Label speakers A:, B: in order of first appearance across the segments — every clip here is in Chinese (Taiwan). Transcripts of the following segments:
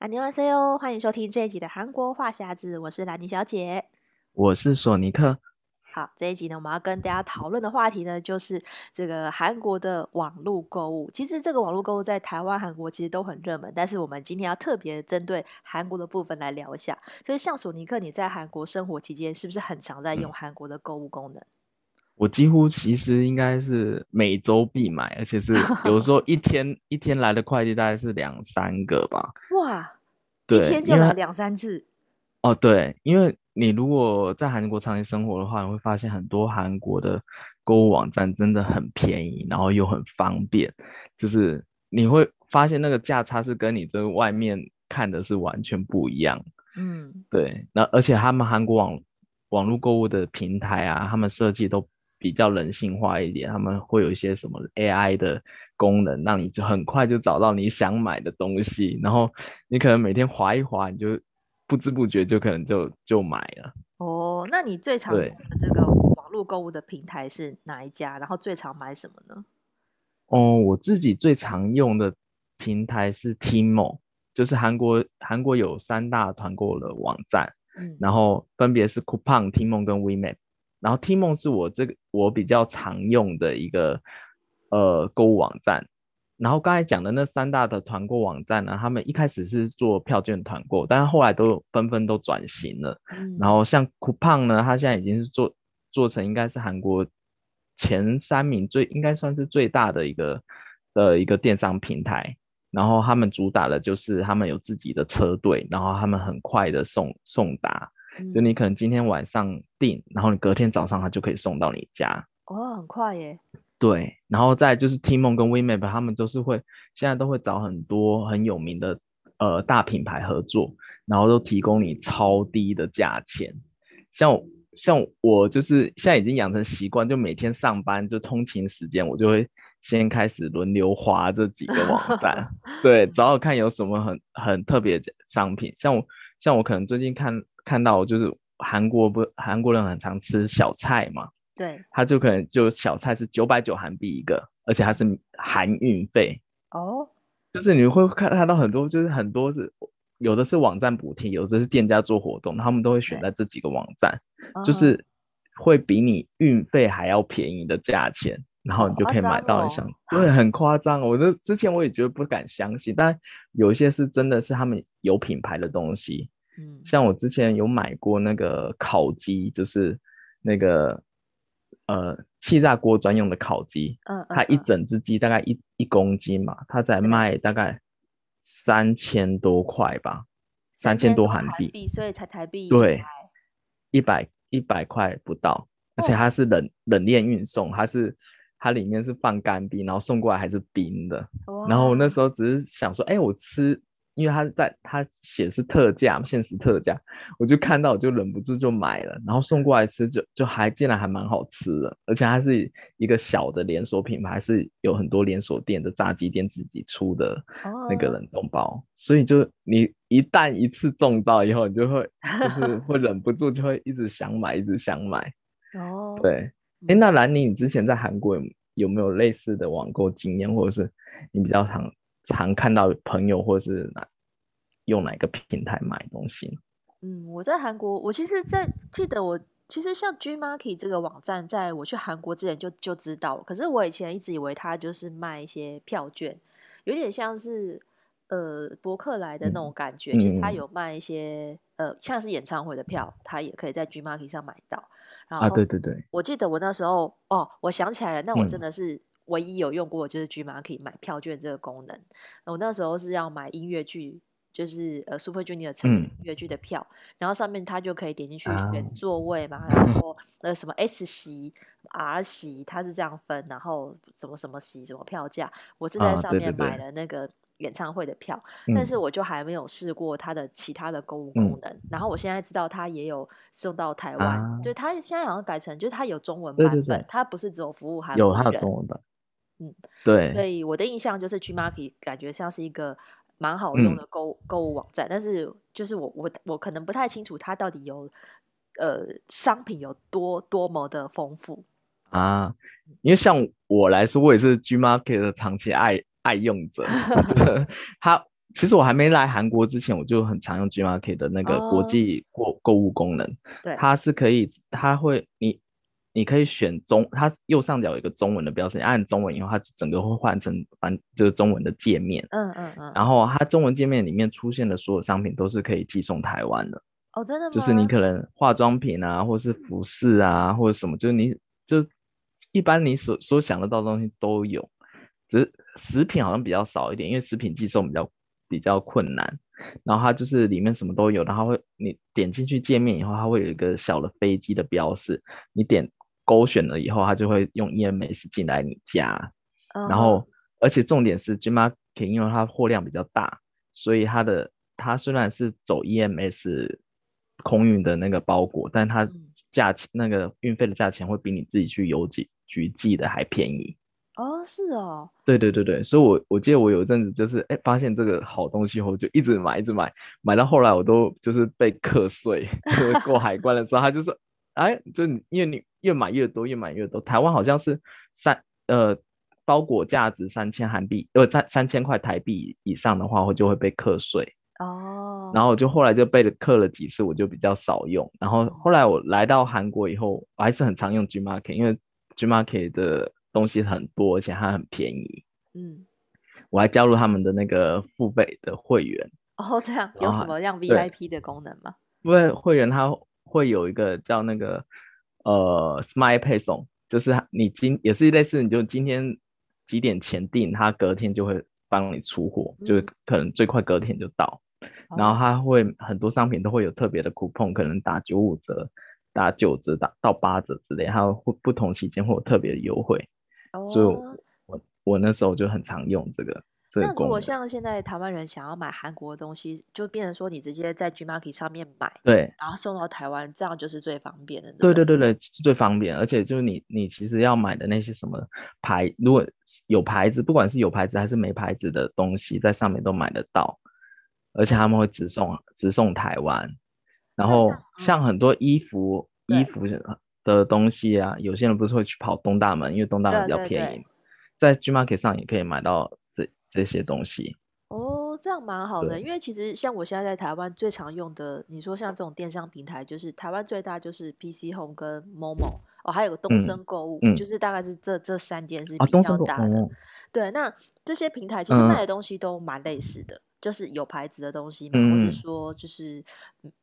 A: 안녕하세요，歡迎收聽這一集的韓國話匣子，我是蘭妮小姐，
B: 我是索尼克。
A: 好，這一集呢，我們要跟大家討論的話題呢，就是這個韓國的網絡購物。其實這個網絡購物在台灣、韓國其實都很熱門，但是我們今天要特別針對韓國的部分來聊一下。所以像索尼克，你在韓國生活期間，是不是很常在用韓國的購物功能？嗯
B: 我幾乎其實應該是每周必買，而且是有時候一天 一天來的快遞大概是兩三個吧。哇，對，一天就買兩三次。哦，對，因為你如果在韓國長期生活的話，你會發現很多韓國的購物網站真的很便宜，然後又很方便，就是你會發現那個價差是跟你在外面看的是完全不一樣。嗯，對，那而且他們韓國網網絡購物的平台啊，他們設計都。比較人性化一點，他們會有一些什麼 AI 的功能，讓你就很快就找到你想買的東西。然後你可能每天滑一滑，你就不知不覺就可能就就買了。
A: 哦，那你最常用的這個網絡購物的平台是哪一家？然後最常買什麼
B: 呢？哦，我自己最常用的平台是 Timo，就是韓國韓國有三大團購的網站，嗯、然後分別是 Coupang、Timo 跟 WeMap。然後 TMON 是我這個我比較常用的一個呃購物網站。然後剛才講的那三大的團購網站呢，他們一開始是做票券團購，但後來都紛紛都轉型了。嗯、然後像 Coupang 呢，它現在已經是做做成應該是韓國前三名最應該算是最大的一個呃一個電商平台。然後他們主打的就是他們有自己的車隊，然後他們很快的送送達。就你可能今天晚上訂、嗯，然後你隔天早上它就可以送到你家，
A: 哇、哦，很快耶！
B: 對，然後再就是 TMON 跟 WeMap，他們就是會現在都會找很多很有名的呃大品牌合作，然後都提供你超低的價錢。像像我就是現在已經養成習慣，就每天上班就通勤時間，我就會先開始輪流滑這幾個網站， 對，找找看有什麼很很特別的商品。像我像我可能最近看。看到就是韓國不，韓國人很常吃小菜嘛，對，他就可能就小菜是九百九韓幣一個，而且還是含運費哦。就是你會看看到很多，就是很多是有的是網站補貼，有的是店家做活動，他們都會選在這幾個網站，就是會比你運費還要便宜的價錢，哦，然後你就可以買到你想。為，哦哦，很誇張，我這之前我也覺得不敢相信， 但有一些是真的是他們有品牌的東西。嗯，像我之前有買過那個烤雞，就是那個呃氣炸鍋專用的烤雞、嗯，嗯，它一整隻雞大概一一公斤嘛，它才賣大概三千多塊吧，三千多韓幣，
A: 所以才台幣，對，
B: 一百一百塊不到，而且它是冷、哦、冷鏈運送，它是它裡面是放乾冰，然後送過來還是冰的，哦啊、然後我那時候只是想說，哎、欸，我吃。因為他在它寫是特價嘛，限時特價，我就看到我就忍不住就買了，然後送過來吃就，就就還竟然還蠻好吃的，而且它是一個小的連鎖品牌，是有很多連鎖店的炸雞店自己出的那個冷凍包，oh. 所以就你一旦一次中招以後，你就會就是會忍不住就會一直想買，一直想買。哦、oh.，對，欸、那蘭妮，你之前在韓國有，有沒有類似的網購經驗，或者是你比較常，常看到朋友或是哪用哪個平台買東西呢？
A: 嗯，我在韓國，我其實在，在記得我其實像 Gmarket 這個網站，在我去韓國之前就就知道。可是我以前一直以為他就是賣一些票券，有點像是呃博客來的那種感覺。嗯、其實他有賣一些、嗯、呃像是演唱會的票，他也可以在 Gmarket 上買到。啊，對對對，我記得我那時候哦，我想起來了，那我真的是。嗯唯一有用過就是 Gmarket 可以買票券這個功能，我那時候是要買音樂劇，就是呃 Super Junior 成音樂劇的票，嗯，然後上面它，就可以點進去選座位嘛，啊，然後呃什麼 S 席， R 席，它是這樣分，然後什麼什麼席什麼票價，我是在上面買了那個演唱會的票，啊，對對對，但是我就還沒有試過它的其他的購物功能。嗯，然後我現在知道它也有送到台灣，啊，就它現在好像改成就是它有中文版本對對對，它不是只有服務，還有有它的中文
B: 版。嗯，對，所
A: 以我的印象就是 Gmarket 感覺像是一個蠻好用的購購物網站，嗯，但是就是我我我可能不太清楚它到底有呃商品有多多麼的豐富
B: 啊，因為像我來說，我也是 Gmarket 的長期愛愛用者。它 其實我還沒來韓國之前，我就很常用 Gmarket 的那個國際購購物功能。嗯、對，它是可以，它會你。你可以選中它右上角有一個中文的標識，你按中文以後，它整個會換成翻就是中文的界面。嗯嗯嗯。然後它中文界面裡面出現的所有商品都是可以寄送台灣的。哦，真的嗎？就是你可能化妝品啊，或是服飾啊，或者什麼，就是你就一般你所所想得到的東西都有，只是食品好像比較少一點，因為食品寄送比較比較困難。然後它就是裡面什麼都有，然後會你點進去界面以後，它會有一個小的飛機的標識，你點。勾選了以後，他就會用 EMS 進來你家，uh -huh. 然後而且重點是 Gmarket，因為它貨量比較大，所以它的它雖然是走 EMS 空運的那個包裹，但它價錢，uh -huh. 那個運費的價錢會比你自己去郵寄去寄的還便宜。
A: 哦，是哦。
B: 對對對對，所以我我記得我有一陣子就是哎、欸、發現這個好東西後，就一直買一直買，買到後來我都就是被課稅，就是過海關的時候， 他就是。哎、欸，就因你，你越買越多，越買越多。台灣好像是三呃，包裹價值三千韓幣，呃，三三千塊台幣以上的話，我就會被課稅哦。然後我就後來就被了課了幾次，我就比較少用。然後後來我來到韓國以後，我還是很常用 Gmarket，因為 Gmarket 的東西很多，而且還很便宜。嗯，我還加入他們的那個付費的會員。哦，這樣有什麼樣 VIP
A: 的功能嗎？
B: 因為會員他。會有一個叫那個呃 Smile 配送，就是你今也是一類似，你就今天幾點前訂，他隔天就會幫你出貨，嗯，就可能最快隔天就到。嗯、然後他會很多商品都會有特別的 coupon。哦、可能打九五折，打九折，打到八折之類，他會不同期間會有特別的優惠。哦、所以我，我我那時候就很常用這個。那如果
A: 像現在台灣人想要買韓國的東西，就變成說你直接在 Gmarket 上面買，對，然後送到台灣，這樣就是最方便
B: 的。對對對對，最方便。而且就是你你其實要買的那些什麼牌，如果有牌子，不管是有牌子還是沒牌子的東西，在上面都買得到，而且他們會直送直送台灣。然後像很多衣服衣服的東西啊，有些人不是會去跑東大門，因為東大門比較便宜，對對對，在 Gmarket 上也可以買到。這些東西
A: 哦，這樣蠻好的。因為其實像我現在在台灣最常用的，你說像這種電商平台，就是台灣最大就是 PC Home 跟 Momo 哦，還有個東森購物，嗯嗯，就是大概是這這三間是比較大的。啊、對，那這些平台其實賣的東西都蠻類似的，嗯，就是有牌子的東西嘛，嗯，或者說就是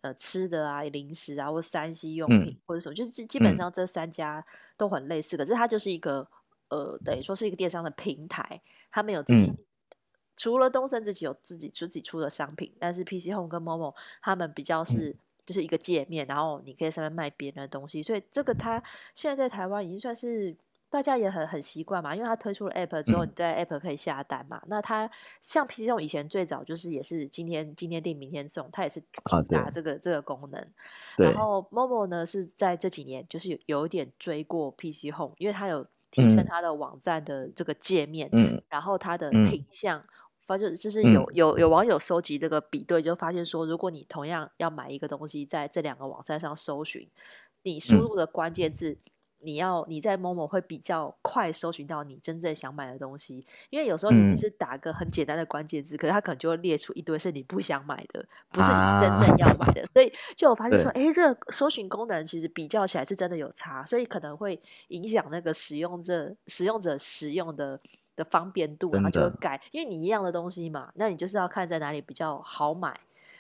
A: 呃吃的啊、零食啊，或三 C 用品、嗯、或者什麼，就是基本上這三家都很類似的。這它就是一個呃，等於說是一個電商的平台，他們沒有自己、嗯。除了東森自己有自己自己出的商品，但是 PC Home 跟 MoMo 他們比較是就是一個界面，嗯、然後你可以上面賣別人的東西，所以這個它現在在台灣已經算是大家也很很習慣嘛，因為它推出了 App 之後，你在 App 可以下單嘛、嗯。那它像 PC Home 以前最早就是也是今天今天訂明天送，它也是主打這個、啊、這個功能。然後 MoMo 呢是在這幾年就是有，有點追過 PC Home，因為它有提升它的網站的這個界面，嗯、然後它的品項。嗯嗯發現就是有、嗯、有有網友收集這個比對，就發現說，如果你同樣要買一個東西，在這兩個網站上搜尋，你輸入的關鍵字。嗯、你要你在某某會比較快搜尋到你真正想買的東西，因為有時候你只是打個很簡單的關鍵字，嗯、可是它可能就會列出一堆是你不想買的，不是你真正要買的，啊、所以就我發現說，誒，這個搜尋功能其實比較起來是真的有差，所以可能會影響那個使用者使用者使用的。的方便度，然後就會改，因為你一樣的東西嘛，那你就是要看在哪裡比較好買，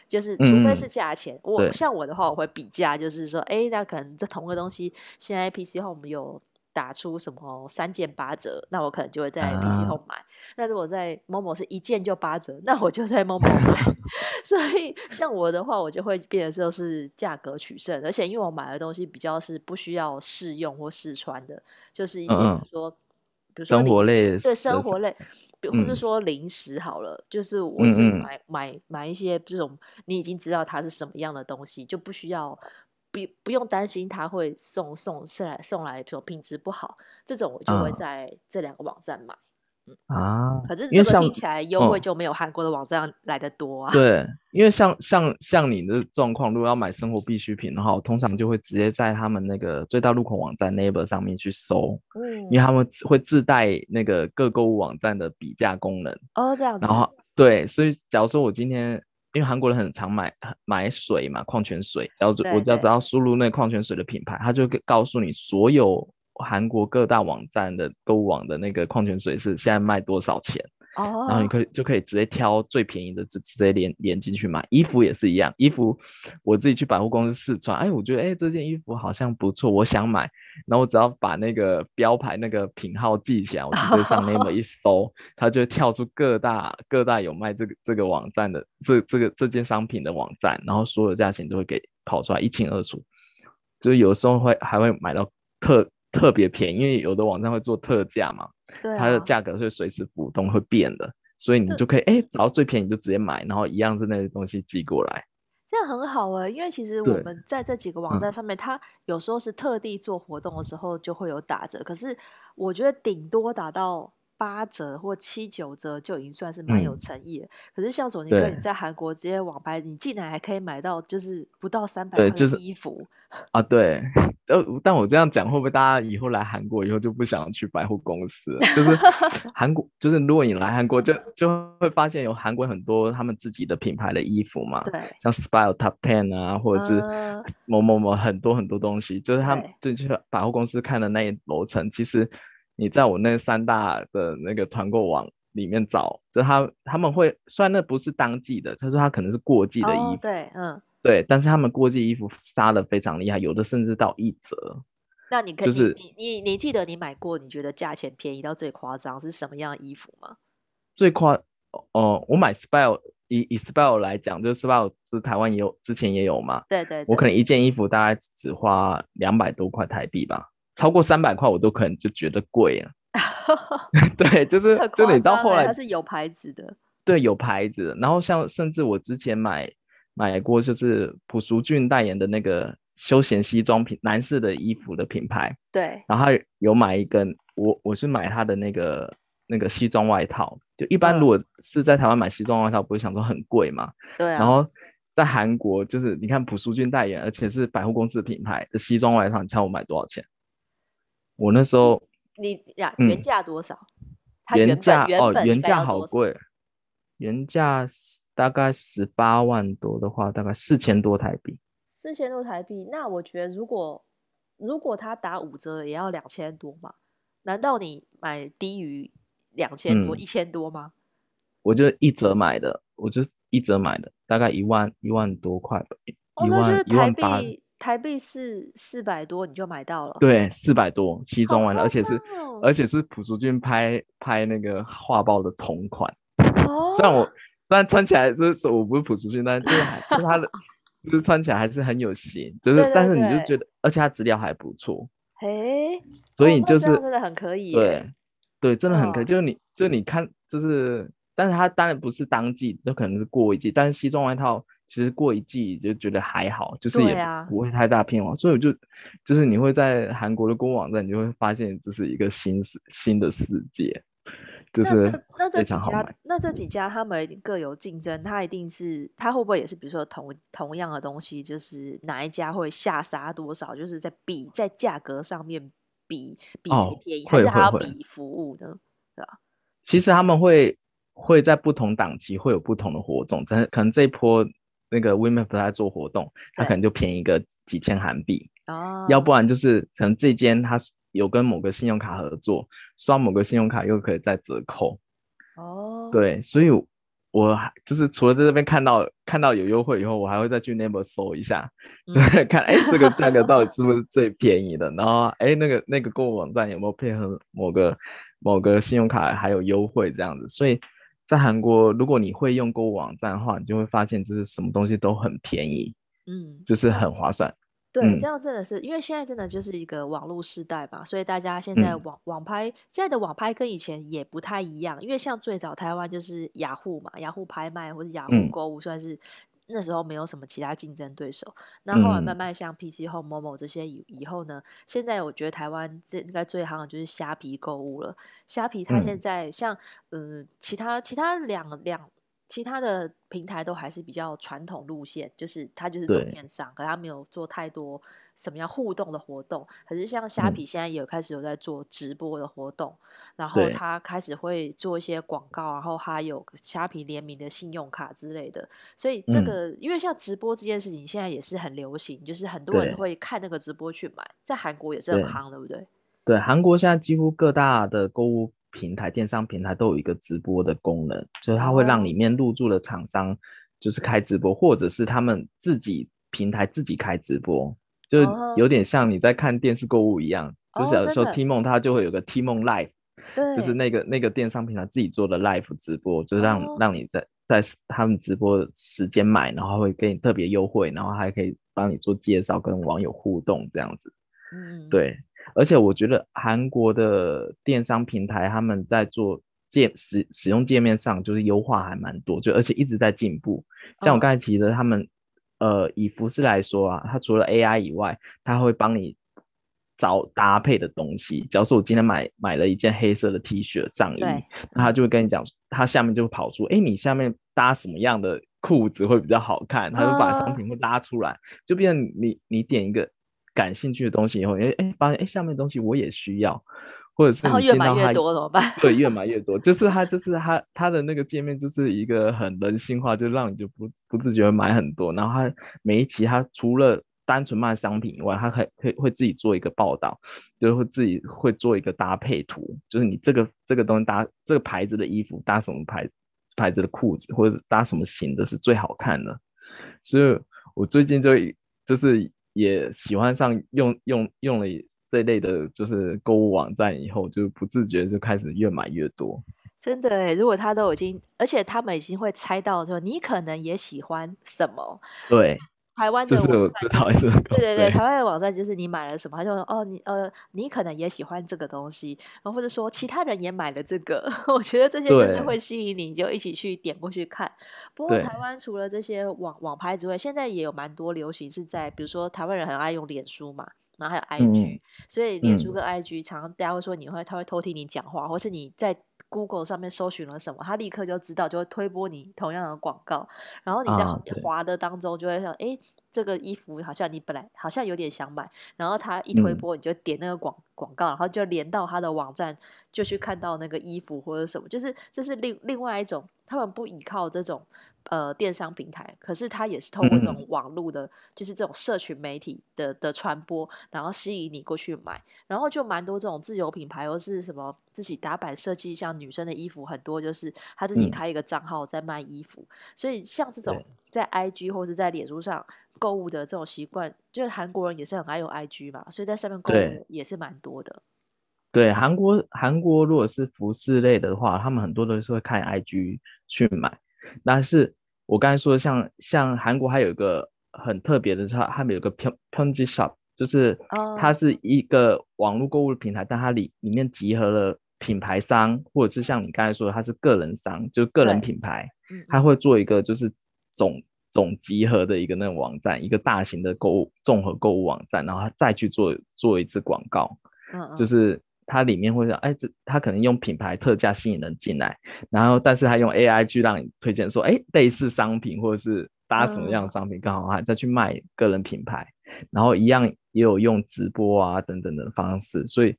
A: 就是除非是價錢，嗯、我，我像我的話，我會比價，就是說，哎、欸，那可能這同個東西，現在 PC Home 我們有打出什麼三件八折，那我可能就會在 PC Home 買、啊。那如果在 Momo 是一件就八折，那我就在 Momo 買。 所以像我的話，我就會變得就是價格取勝，而且因為我買的東西比較是不需要試用或試穿的，就是一些比如說。嗯嗯生活類對生活類，不是說零食好了，嗯，就是我是買買買一些這種你已經知道它是什麼樣的東西，嗯嗯，就不需要不不用擔心它會送送送來送來品質不好，這種我就會在這兩個網站
B: 買。嗯啊，可是因為像聽起來優惠就
A: 沒有韓國的網站來得多啊，嗯。對，
B: 因為像像像你的狀況，如果要買生活必需品的話，我通常就會直接在他們那個最大入口網站 Naver 上面去搜，嗯。因為他們會自帶那個各購物網站的比價功能。哦，這樣子。然後對，所以假如說我今天，因為韓國人很常買買水嘛，礦泉水，只要對對對我只要只要輸入那礦泉水的品牌，他就會告訴你所有。韓國各大網站的購物網的那個礦泉水是現在賣多少錢？哦、oh.，然後你可以就可以直接挑最便宜的，就直接連連進去買。衣服也是一樣，衣服我自己去百貨公司試穿，哎，我覺得哎這件衣服好像不錯，我想買。然後我只要把那個標牌那個品號記起來，我直接上面 a 一搜， 它就跳出各大各大有賣這個這個網站的這這個這件商品的網站，然後所有價錢都會給跑出來一清二楚。就是有時候會還會買到特。特別便宜，因為有的網站會做特價嘛對、啊，它的價格是隨時浮動會變的，所以你就可以哎，找到最便宜你就直接買，然後一樣之類的東西寄過來，
A: 這樣很好啊、欸。因為其實我們在這幾個網站上面，它有時候是特地做活動的時候就會有打折、嗯，可是我覺得頂多打到。八折或七九折就已經算是蠻有誠意的、嗯。可是像索尼客，你在韓國直接網拍，你竟然還可以買到就是不到三百塊的衣服、就
B: 是、啊？對。呃，但我這樣講，會不會大家以後來韓國以後就不想去百貨公司了？ 就是韓國，就是如果你來韓國就，就就會發現有韓國很多他們自己的品牌的衣服嘛，對，像 Spire Top Ten 啊，或者是某某某很多很多東西，嗯、就是他們進去百貨公司看的那一樓層，其實。你在我那三大的那個團購網裡面找，就他他們會雖然那不是當季的，他說他可能是過季的衣服。哦，
A: 對，嗯，
B: 對，但是他們過季衣服殺的非常厲害，有的甚至到一折。
A: 那你可以就是你你你，你記得你買過你覺得價錢便宜到最誇張是什麼樣的衣服嗎？
B: 最誇哦、呃，我買 SPAO 以以 SPAO 來講，就 SPAO 是台灣也有，嗯、之前也有嘛，對對，對對，我可能一件衣服大概只花兩百多塊台幣吧。超過三百塊，我都可能就覺得貴啊。 對，就是、 欸、就你到後來它是
A: 有牌子的，
B: 對，有牌子。然後像甚至我之前買買過，就是朴淑俊代言的那個休閒西裝品，男士的衣服的品牌。對。然後他有買一個，我我是買他的那個那個西裝外套。就一般如果是在台灣買西裝外套，嗯、不會想說很貴嘛？對、啊。然後在韓國，就是你看朴淑俊代言，而且是百貨公司品牌，的西裝外套，你猜我買多少錢？我那時候，
A: 你呀，你原價多少？嗯、原價哦，原價好貴，
B: 原價大概十八萬多的話，嗯、大概四千多台幣。
A: 四千多台幣，那我覺得如果如果他打五折，也要兩千多嘛？難道你買低於兩千多，嗯、一千多嗎？
B: 我就一折買的，我就一折買的，大概一萬一萬多塊吧。哦，一萬、一萬八，那就台
A: 幣。台幣是四百多你就買到了，對，
B: 四百多西裝外套，而且是而且是朴敘俊拍拍那個畫報的同款。哦、雖然我雖然穿起來就是我不是朴敘俊，但、就是就是他的 就是穿起來還是很有型，就是對對對但是你就覺得而且它質料還不錯，
A: 哎，
B: 所以就是、哦、真的
A: 很可以、欸，對
B: 對，真的很可以。哦、就是你就你看就是，但是它當然不是當季，就可能是過一季，但是西裝外套。其實過一季就覺得還好，就是也不會太大偏往、啊。所以我就，就是你會在韓國的官網站，你就會發現這是一個新世新的世界。就是那這那這幾家、嗯，
A: 那這幾家他們各有競爭，他一定是他會不會也是比如說同同樣的東西，就是哪一家會下殺多少，就是在比在價格上面比比誰便宜，還是他比服務的。哦、
B: 對啊，其實他們會會在不同檔期會有不同的活動，真可能這一波。那個 Wemap 在做活動，他可能就便宜個幾千韓幣哦，要不然就是可能這間他有跟某個信用卡合作，刷某個信用卡又可以再折扣哦。Oh. 對，所以我還就是除了在這邊看到看到有優惠以後，我還會再去 Naver 搜一下，嗯、 看哎、欸、這個價格到底是不是最便宜的， 然後哎、欸、那個那個購物網站有沒有配合某個某個信用卡還有優惠這樣子，所以。在韓國，如果你會用購物網站的話，你就會發現，就是什麼東西都很便宜，嗯，就是很划算。
A: 對，嗯、這樣真的是因為現在真的就是一個網絡時代嘛、嗯，所以大家現在網網拍，現在的網拍跟以前也不太一樣，因為像最早台灣就是雅虎嘛，雅虎拍賣或者雅虎購物算是。嗯那時候沒有什麼其他競爭對手，那後來慢慢像 PC Home Momo 這些以以後呢，嗯，現在我覺得台灣這應該最行的就是蝦皮購物了。蝦皮它現在像嗯，嗯，其他其他兩兩其他的平台都還是比較傳統路線，就是它就是中間商，可它沒有做太多。什麼樣互動的活動？可是像蝦皮現在也有開始有在做直播的活動、嗯，然後他開始會做一些廣告，然後他有蝦皮聯名的信用卡之類的。所以這個、嗯、因為像直播這件事情，現在也是很流行，就是很多人會看那個直播去買，在韓國也是很夯，對不對？
B: 對，韓國現在幾乎各大的購物平台、電商平台都有一個直播的功能，嗯、就是它會讓裡面入駐的廠商就是開直播、嗯，或者是他們自己平台自己開直播。就有點像你在看電視購物一樣，oh, okay. 就是小的時候、oh、真的？TMON 它就會有個 TMON Live，就是那個那個電商平台自己做的 Live 直播，就是讓、oh. 讓你在在他們直播時間買，然後會給你特別優惠，然後還可以幫你做介紹，跟網友互動這樣子。嗯、oh.，對。而且我覺得韓國的電商平台他們在做界使使用界面上就是優化還蠻多，就而且一直在進步。Oh. 像我剛才提的，他們。呃，以服飾來說啊，它除了 AI 以外，它會幫你找搭配的東西。假如說我今天買買了一件黑色的 T 恤上衣，他就會跟你講，他下面就會跑出，哎、欸，你下面搭什麼樣的褲子會比較好看？他就把商品會拉出來，uh... 就變成你你，你點一個感興趣的東西以後，哎哎、欸，發現哎、欸、下面的東西我也需要。或者是你然後越買越多怎麼辦？對，越買越多， 就是它，就是它，它的那個界面就是一個很人性化，就讓你就不不自覺買很多。然後它每一期，它除了單純賣商品以外，它還會會自己做一個報道，就會自己會做一個搭配圖，就是你這個這個東西搭這個牌子的衣服搭什麼牌牌子的褲子，或者搭什麼型的是最好看的。所以我最近就就是也喜歡上用用用了。這類的就是購物網站，以後就不自覺就開始越買越多。
A: 真的哎，如果他都已經，而且他們已經會猜到說你可能也喜歡什麼。對，
B: 台灣的網站，就是就是這的，對對對，對，台
A: 灣的網站就是你買了什麼，他就說哦你呃你可能也喜歡這個東西，然後或者說其他人也買了這個，我覺得這些真的會吸引你，你就一起去點過去看。不過台灣除了這些網網拍之外，現在也有蠻多流行是在，比如說台灣人很愛用臉書嘛。然後還有 IG，嗯、所以臉書跟 IG，常常大家會說你會他會偷聽你講話，嗯，或是你在 Google 上面搜尋了什麼，他立刻就知道，就會推播你同樣的廣告。然後你在滑的當中就會想，啊，誒這個衣服好像你本來好像有點想買，然後他一推播你就點那個廣、嗯、廣告，然後就連到他的網站。就去看到那個衣服或者什麼，就是這是另另外一種，他們不依靠這種呃電商平台，可是他也是透過這種網絡的，嗯、就是這種社群媒體的的傳播，然後吸引你過去買，然後就蠻多這種自由品牌或是什麼自己打版設計，像女生的衣服很多，就是他自己開一個賬號在賣衣服、嗯，所以像這種在 IG 或是在臉書上購物的這種習慣，就是韓國人也是很愛用 IG 嘛，所以在上面購物也是蠻多的。
B: 對韓國，韓國如果是服飾類的話，他們很多都是會看 IG 去買。但是我剛才說的像，像像韓國還有一個很特別的，它他們有一個 Peng Peng Shop，就是它是一個網絡購物的平台，但它里裡面集合了品牌商，或者是像你剛才說的，它是個人商，就是、個人品牌，他會做一個就是總總集合的一個那種網站，一個大型的購物綜合購物網站，然後他再去做做一次廣告，就是。它裡面會說，哎、欸，這他可能用品牌特價吸引人進來，然後但是他用 AI 去讓你推薦說，哎、欸，類似商品或者是搭什麼樣的商品更、嗯、好賣，再去賣個人品牌，然後一樣也有用直播啊等等的方式，所以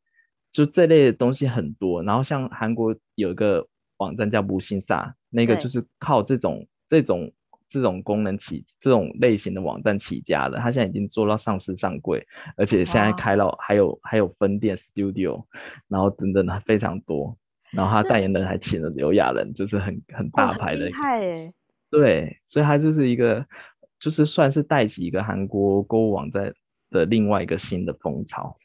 B: 就這類的東西很多。然後像韓國有一個網站叫無心沙，那個就是靠這種這種。這種功能起，這種類型的網站起家的，他現在已經做到上市上櫃，而且現在開到還有還有分店 studio，然後等等的非常多，然後他代言人還請了劉亞仁、嗯，就是很很大牌的，太、哦欸，對，所以他就是一個就是算是帶起一個韓國購物網站的另外一個新的風潮。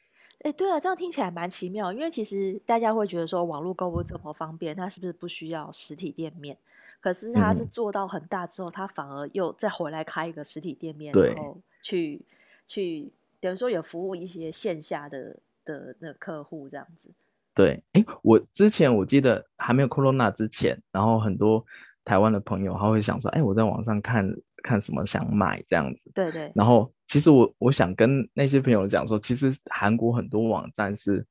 A: 哎、欸，對啊，這樣聽起來蠻奇妙。因為其實大家會覺得說，網路購物這麼方便，它是不是不需要實體店面？可是它是做到很大之後，嗯、它反而又再回來開一個實體店面，然後去去等於說有服務一些線下的的那客戶這樣子。
B: 對，哎、欸，我之前我記得還沒有 Corona 之前，然後很多台灣的朋友他會想說，哎、欸，我在網上看。看什麼想買這樣子，對對。然後其實我我想跟那些朋友講說，其實韓國很多網站是，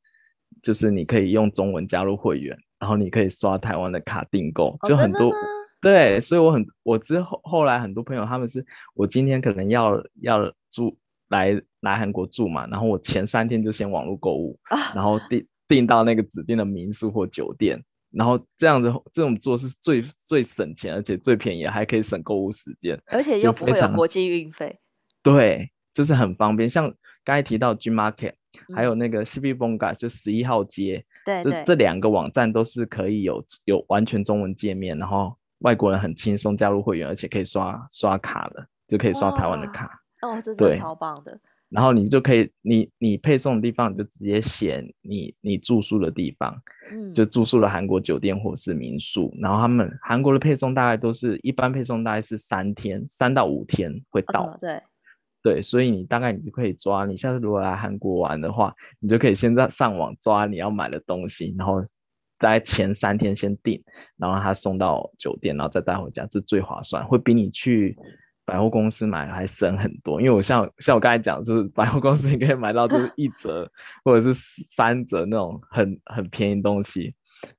B: 就是你可以用中文加入會員，然後你可以刷台灣的卡訂購，就很多。哦、對，所以我很我之後後來很多朋友他們是我今天可能要要住來來韓國住嘛，然後我前三天就先網絡購物，啊、然後訂訂到那個指定的民宿或酒店。然後這樣子，這種做是最最省錢，而且最便宜，還可以省購物時間，而且又不會有國際運費。對，就是很方便。像剛才提到 Gmarket，嗯，還有那個 Sibibonga 就十一號街，對對，這這兩個網站都是可以有有完全中文界面，然後外國人很輕鬆加入會員，而且可以刷刷卡的，就可以刷台灣的卡。
A: 哦，真的超棒的。
B: 然後你就可以，你你配送的地方你就直接寫你你住宿的地方，嗯，就住宿的韓國酒店或是民宿。然後他們韓國的配送大概都是一般配送大概是三天，三到五天會到，okay, 對對，所以你大概你就可以抓，你下次如果來韓國玩的話，你就可以先在上網抓你要買的東西，然後大概前三天先訂，然後他送到酒店，然後再帶回家，這最划算，會比你去。百貨公司買還省很多，因為我像像我剛才講，就是百貨公司你可以買到就是一折 或者是三折那種很很便宜東西，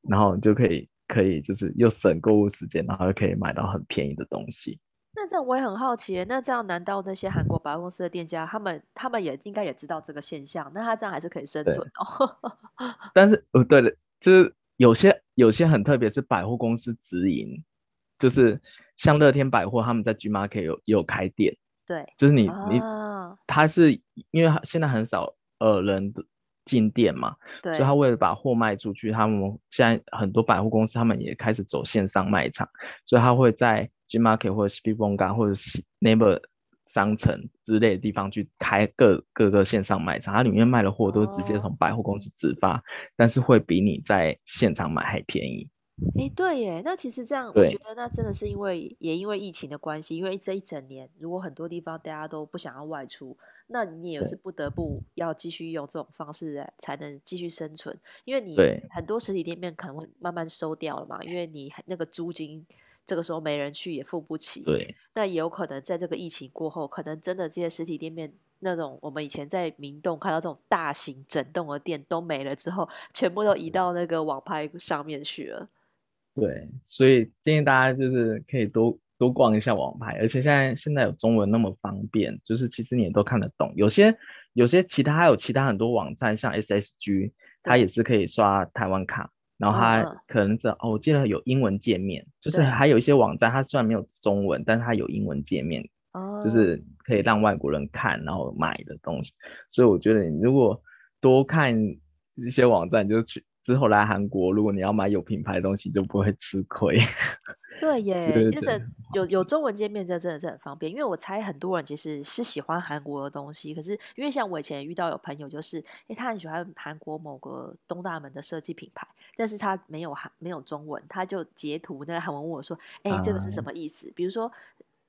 B: 然後你就可以可以就是又省購物時間，然後又可以買到很便宜的東西。
A: 那這樣我也很好奇，那這樣難道那些韓國百貨公司的店家 他們他們也應該也知道這個現象？那他這樣還是可以生存的？哦。
B: 但是，呃，對了，就是有些有些很特別，是百貨公司直營，就是。像樂天百貨，他們在 Gmarket 有有開店，對，
A: 就是你你，
B: 他、哦、是因為現在很少呃人進店嘛，對，所以他為了把貨賣出去，他們現在很多百貨公司他們也開始走線上賣場，所以他會在 Gmarket 或者 Sipibonga 或者 Neighbor 商城之類的地方去開各各個線上賣場，它裡面賣的貨都直接從百貨公司直發。哦，但是會比你在現場買還便宜。
A: 誒，對耶，那其實這樣，我覺得那真的是因為也因為疫情的關係，因為這一整年，如果很多地方大家都不想要外出，那你也是不得不要繼續用這種方式來才能繼續生存，因為你很多實體店面可能會慢慢收掉了嘛，因為你那個租金這個時候沒人去也付不起，對，那也有可能在這個疫情過後，可能真的這些實體店面那種我們以前在明洞看到這種大型整棟的店都沒了之後，全部都移到那個網拍上面去了。
B: 對，所以建議大家就是可以多多逛一下網拍，而且現在現在有中文那麼方便，就是其實你也都看得懂。有些有些其他還有其他很多網站，像 SSG，它也是可以刷台灣卡，然後它可能這哦，哦，我記得有英文界面，就是還有一些網站它雖然沒有中文，但是它有英文界面，就是可以讓外國人看然後買的東西。所以我覺得你如果多看一些網站，就去。之後來韓國，如果你要買有品牌的東西，就不會吃虧。
A: 對耶， 對對對，真的有有中文界面，這真的是很方便。因為我猜很多人其實是喜歡韓國的東西，可是因為像我以前遇到有朋友，就是哎，他很喜歡韓國某個東大門的設計品牌，但是他沒有韓沒有中文，他就截圖那個韓文問我說，哎，這個是什麼意思？嗯。比如說。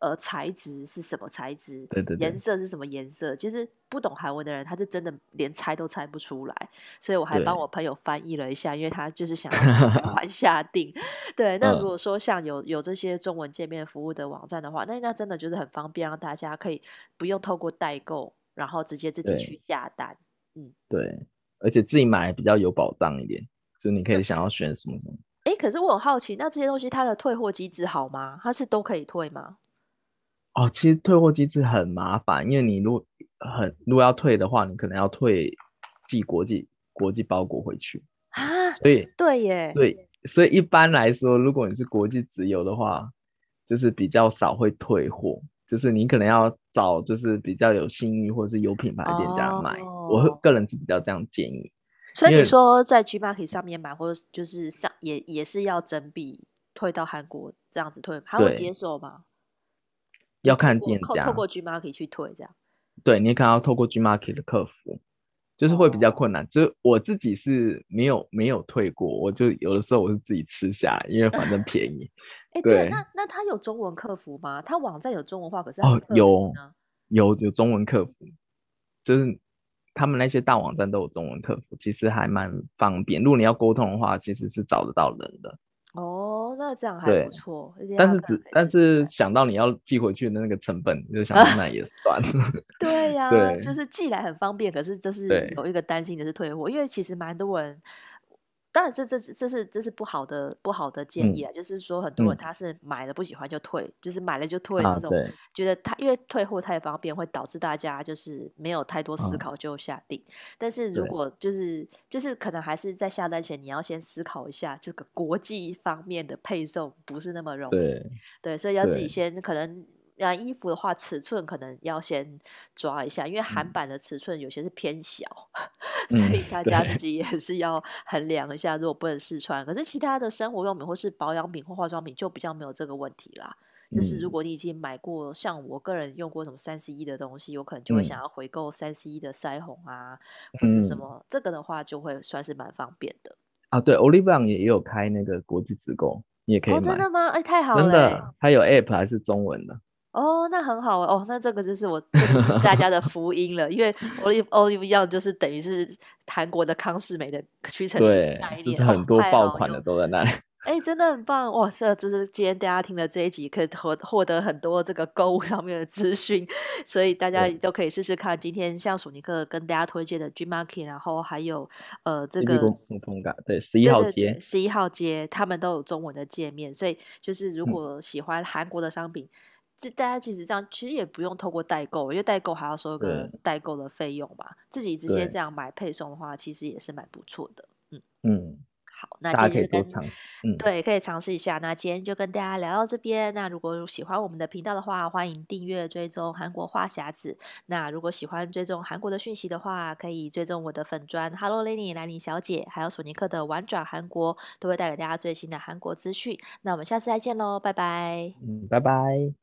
A: 呃，材質是什麼材質？顏色是什麼顏色？其實不懂韓文的人，他是真的連猜都猜不出來。所以我還幫我朋友翻譯了一下，因為他就是想要自己下定。 對，那如果說像有、嗯、有這些中文界面服務的網站的話，那那真的就是很方便，讓大家可以不用透過代購，然後直接自己去下單。嗯，
B: 對，而且自己買比較有保障一點。就你可以想要選什麼什
A: 麼。哎、嗯欸，可是我很好奇，那這些東西它的退貨機制好嗎？它是都可以退嗎？
B: 哦，其實退貨機制很麻煩，因為你如果很如果要退的話，你可能要退寄國際國際包裹回去啊，
A: 所以對耶，所
B: 以所以一般來說，如果你是國際直郵的話，就是比較少會退貨，就是你可能要找就是比較有信譽或者是有品牌店家買，哦，我個人是比較這樣建議。所以你說
A: 在 Gmarket 上面買或者就是上也也是要整筆退到韓國這樣子退，他會接受嗎？
B: 要看店家透，透過
A: Gmarket 去退，這樣，
B: 對，你可能要透過 Gmarket 的客服，就是會比較困難。哦、就是我自己是沒有沒有退過，我就有的時候我是自己吃下，因為反正便宜。哎、 欸，對，
A: 那那他有中文客服嗎？他網站有中文化，可是哦，有
B: 有有中文客服，就是他們那些大網站都有中文客服，其實還蠻方便。如果你要溝通的話，其實是找得到人的。
A: 哦，那這樣還不錯。但是
B: 只但是想到你要寄回去的那個成本， 就想到那也算了。 對呀、對， 就
A: 是寄來很方便，可是這是有一個擔心的是退貨，因為其實蠻多人。當然這，這這這是這是不好的不好的建議啊！嗯、就是說，很多人他是買了不喜歡就退，嗯、就是買了就退這種、啊，覺得他因為退貨太方便，會導致大家就是沒有太多思考就下定。啊、但是如果就是就是可能還是在下單前你要先思考一下，這個國際方面的配送不是那麼容易，對，對，所以要自己先可能，買衣服的話，尺寸可能要先抓一下，因為韓版的尺寸有些是偏小，嗯、 所以大家自己也是要衡量一下，嗯。如果不能試穿，可是其他的生活用品或是保養品或化妝品就比較沒有這個問題啦。嗯、就是如果你已經買過，像我個人用過什麼 3CE 的東西，有可能就會想要回購 3CE 的腮紅啊，嗯、或者什麼、嗯、這個的話，就會算是蠻方便的。
B: 啊，對，Olive Young 也有開那個國際直購，你也可以買。哦、真的
A: 嗎？哎、欸，太好了，真、那、的、
B: 個，還有 App 還是中文的？
A: 哦，那很好哦。那這個就是我、這個、就是大家的福音了， 因為 Olive Olive Young 就是等於是韓國的康世美的屈臣氏，對，就是很多爆款的都在那裡。哎、哦欸，真的很棒哇！這、啊、就是今天大家聽了這一集，可以獲獲得很多這個購物上面的資訊，所以大家都可以試試看。今天像索尼客跟大家推薦的 G Market，然後還有呃這個
B: 對十一號街，十
A: 一號街他們都有中文的界面，所以就是如果喜歡韓國的商品。嗯這大家其實這樣，其實也不用透過代購，因為代購還要收一個代購的費用嘛。自己直接這樣買配送的話，其實也是蠻不錯的。嗯嗯，好，那
B: 今天就跟大家可以嘗試。嗯，
A: 對，可以嘗試一下。那今天就跟大家聊到這邊。那如果喜歡我們的頻道的話，歡迎訂閱追蹤韓國話匣子。那如果喜歡追蹤韓國的訊息的話，可以追蹤我的粉專 Hello Lenny 蘭妮小姐，還有索尼克的玩轉韓國，都會帶給大家最新的韓國資訊。那我們下次再見嘍，拜拜。嗯，
B: 拜拜。